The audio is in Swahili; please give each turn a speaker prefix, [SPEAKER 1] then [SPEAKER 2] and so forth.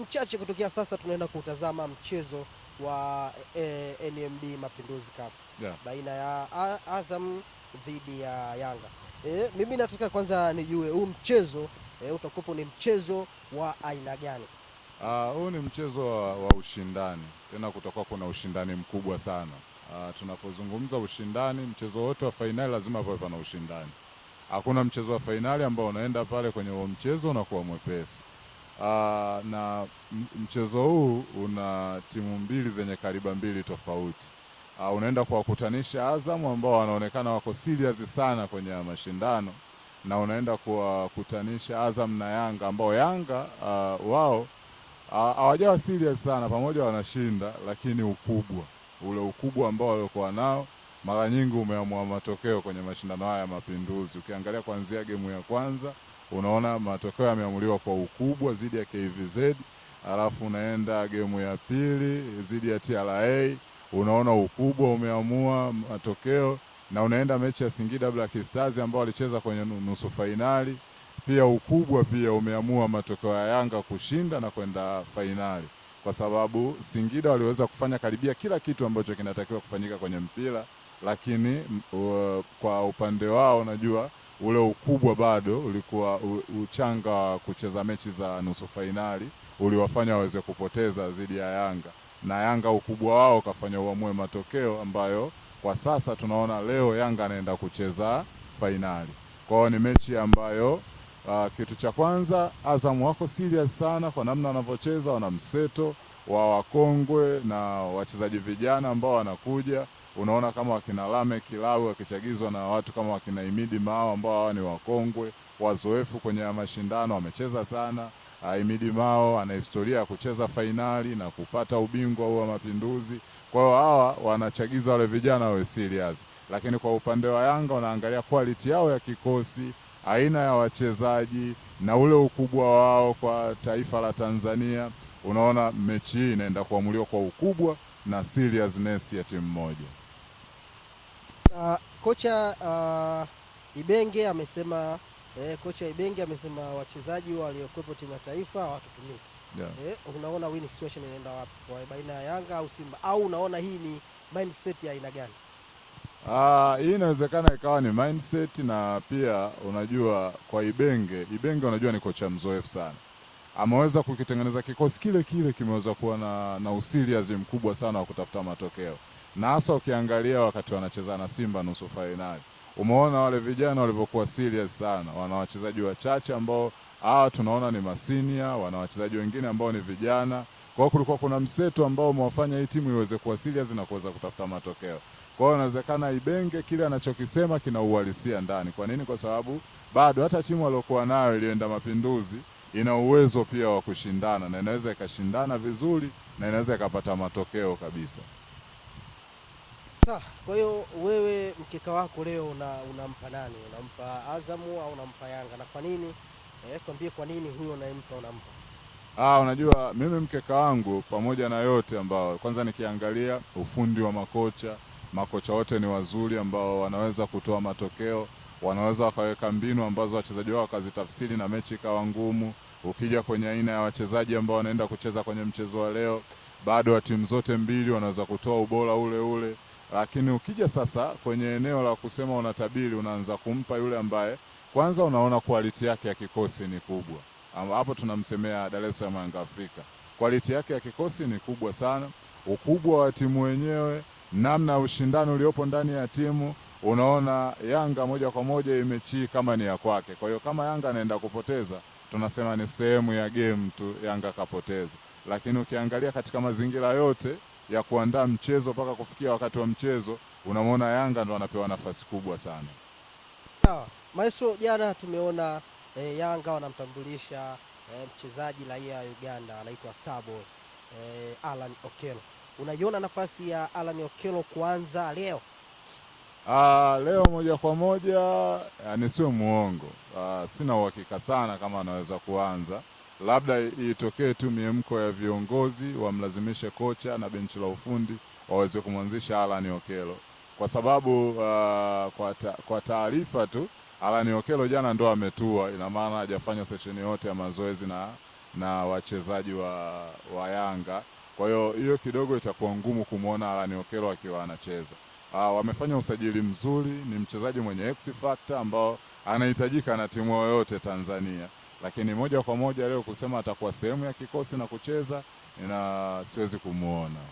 [SPEAKER 1] Mchache kutokea sasa, tunaenda kutazama mchezo wa e, eh, eh, NMB Mapinduzi Cup yeah, baina ya Azam dhidi ya Yanga. E, mimi nataka kwanza nijue huu mchezo e, utakupo ni mchezo wa aina gani?
[SPEAKER 2] Ah, huu uh, ni mchezo wa, wa ushindani, tena kutakuwa kuna ushindani mkubwa sana. Uh, tunapozungumza ushindani, mchezo wote wa fainali lazima pawe pana ushindani. Hakuna mchezo wa fainali ambao unaenda pale kwenye huo mchezo unakuwa mwepesi. Ah, na mchezo huu una timu mbili zenye kariba mbili tofauti. Uh, unaenda kuwakutanisha Azamu ambao wanaonekana wako serious sana kwenye mashindano na unaenda kuwakutanisha Azam na Yanga ambao Yanga uh, wao hawajawa uh, serious sana, pamoja wanashinda, lakini ukubwa ule ukubwa ambao waliokuwa nao mara nyingi umeamua matokeo kwenye mashindano haya ya Mapinduzi. Ukiangalia kuanzia gemu ya kwanza unaona matokeo yameamuliwa kwa ukubwa zidi ya KVZ, alafu unaenda gemu ya pili zidi ya TRA, unaona ukubwa umeamua matokeo, na unaenda mechi ya Singida Black Stars ambao walicheza kwenye nusu fainali, pia ukubwa pia umeamua matokeo ya Yanga kushinda na kwenda fainali, kwa sababu Singida waliweza kufanya karibia kila kitu ambacho kinatakiwa kufanyika kwenye mpira, lakini uh, kwa upande wao najua ule ukubwa bado ulikuwa uchanga wa kucheza mechi za nusu fainali uliwafanya waweze kupoteza dhidi ya Yanga, na Yanga ukubwa wao kafanya uamue matokeo ambayo kwa sasa tunaona leo Yanga anaenda kucheza fainali. Kwa hiyo ni mechi ambayo Uh, kitu cha kwanza Azam wako serious sana kwa namna wanavyocheza, wana mseto wa wakongwe na wachezaji vijana ambao wanakuja unaona kama wakina Lame Kilawe wakichagizwa na watu kama wakina Imidi Mao ambao hawa ni wakongwe wazoefu kwenye mashindano, wamecheza sana. Ah, Imidi Mao ana historia ya kucheza fainali na kupata ubingwa huu wa Mapinduzi. Kwa hiyo hawa wanachagiza wale vijana wawe serious, lakini kwa upande wa Yanga wanaangalia quality yao ya kikosi, aina ya wachezaji na ule ukubwa wao kwa taifa la Tanzania. Unaona mechi hii inaenda kuamuliwa kwa ukubwa na seriousness ya timu moja.
[SPEAKER 1] Uh, kocha uh, Ibenge amesema eh, kocha Ibenge amesema wachezaji waliokuwepo timu ya taifa hawatutumiki. Yeah. Eh, unaona win situation inaenda wapi kwa baina ya Yanga au Simba au unaona hii ni mindset ya aina gani?
[SPEAKER 2] Ah, hii inawezekana ikawa ni mindset na pia unajua kwa Ibenge, Ibenge unajua ni kocha mzoefu sana. Ameweza kukitengeneza kikosi kile kile kimeweza kuwa na, na usiliazi mkubwa sana wa kutafuta matokeo na hasa ukiangalia wakati wanacheza na Simba nusu fainali, umeona wale vijana walivyokuwa serious sana. Wana wachezaji wachache ambao hawa tunaona ni masinia, wana wachezaji wengine ambao ni vijana. Kwa hiyo kulikuwa kuna mseto ambao umewafanya hii timu iweze kuwa serious na kuweza kutafuta matokeo. Kwa hiyo inawezekana Ibenge kile anachokisema kina uhalisia ndani. Kwa nini? Kwa sababu bado hata timu aliyokuwa nayo ilienda mapinduzi ina uwezo pia wa kushindana na inaweza ikashindana vizuri na inaweza ikapata matokeo kabisa.
[SPEAKER 1] Sawa, kwa hiyo wewe mkeka wako leo una, unampa nani? Unampa Azamu au unampa Yanga na kwa nini? Eh, kwambie kwa nini huyo unayempa unampa?
[SPEAKER 2] Ah, unajua mimi mkeka wangu pamoja na yote ambao kwanza nikiangalia ufundi wa makocha, makocha wote ni wazuri ambao wanaweza kutoa matokeo, wanaweza wakaweka mbinu ambazo wachezaji wao wakazitafsiri na mechi ikawa ngumu. Ukija kwenye aina ya wachezaji ambao wanaenda kucheza kwenye mchezo wa leo, bado wa timu zote mbili wanaweza kutoa ubora ule ule lakini ukija sasa kwenye eneo la kusema unatabiri, unaanza kumpa yule ambaye kwanza unaona quality yake ya kikosi ni kubwa. Hapo tunamsemea Dar es Salaam Yanga Afrika, quality yake ya kikosi ni kubwa sana, ukubwa wa timu wenyewe, namna ya ushindani uliopo ndani ya timu unaona Yanga moja kwa moja imechii kama ni ya kwake. Kwa hiyo kama Yanga anaenda kupoteza, tunasema ni sehemu ya game tu, Yanga kapoteza. Lakini ukiangalia katika mazingira yote ya kuandaa mchezo mpaka kufikia wakati wa mchezo, unamwona Yanga ndo anapewa nafasi kubwa sana.
[SPEAKER 1] Sawa maestro, jana tumeona e, Yanga wanamtambulisha e, mchezaji raia wa Uganda anaitwa Starboy e, Alan Okelo. Unaiona nafasi ya Alan okelo kuanza leo?
[SPEAKER 2] Ah, leo moja kwa moja sio muongo, ah, sina uhakika sana kama anaweza kuanza labda itokee tu miemko ya viongozi wamlazimishe kocha na benchi la ufundi waweze kumwanzisha Alan Okelo kwa sababu uh, kwa, ta, kwa taarifa tu Alan Okelo jana ndo ametua, ina maana hajafanya sesheni yote ya mazoezi na, na wachezaji wa, wa Yanga. Kwa hiyo hiyo kidogo itakuwa ngumu kumwona Alan Okelo akiwa anacheza. Uh, wamefanya usajili mzuri, ni mchezaji mwenye X factor ambao anahitajika na timu yoyote Tanzania lakini moja kwa moja leo kusema atakuwa sehemu ya kikosi na kucheza, na siwezi kumuona.